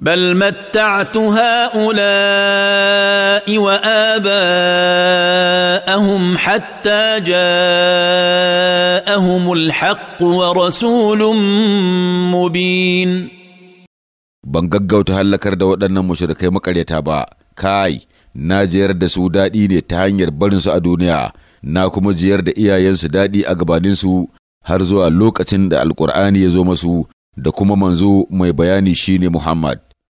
بل متعت هؤلاء واباءهم حتى جاءهم الحق ورسول مبين ban gaggauta hallakar da waɗannan mushrikai makaryata ba kai na jiyar da su daɗi ne ta hanyar barinsu a duniya na kuma jiyar da iyayensu daɗi a gabaninsu har zuwa lokacin da alƙur'ani ya zo masu da kuma manzo mai bayani shine muhammad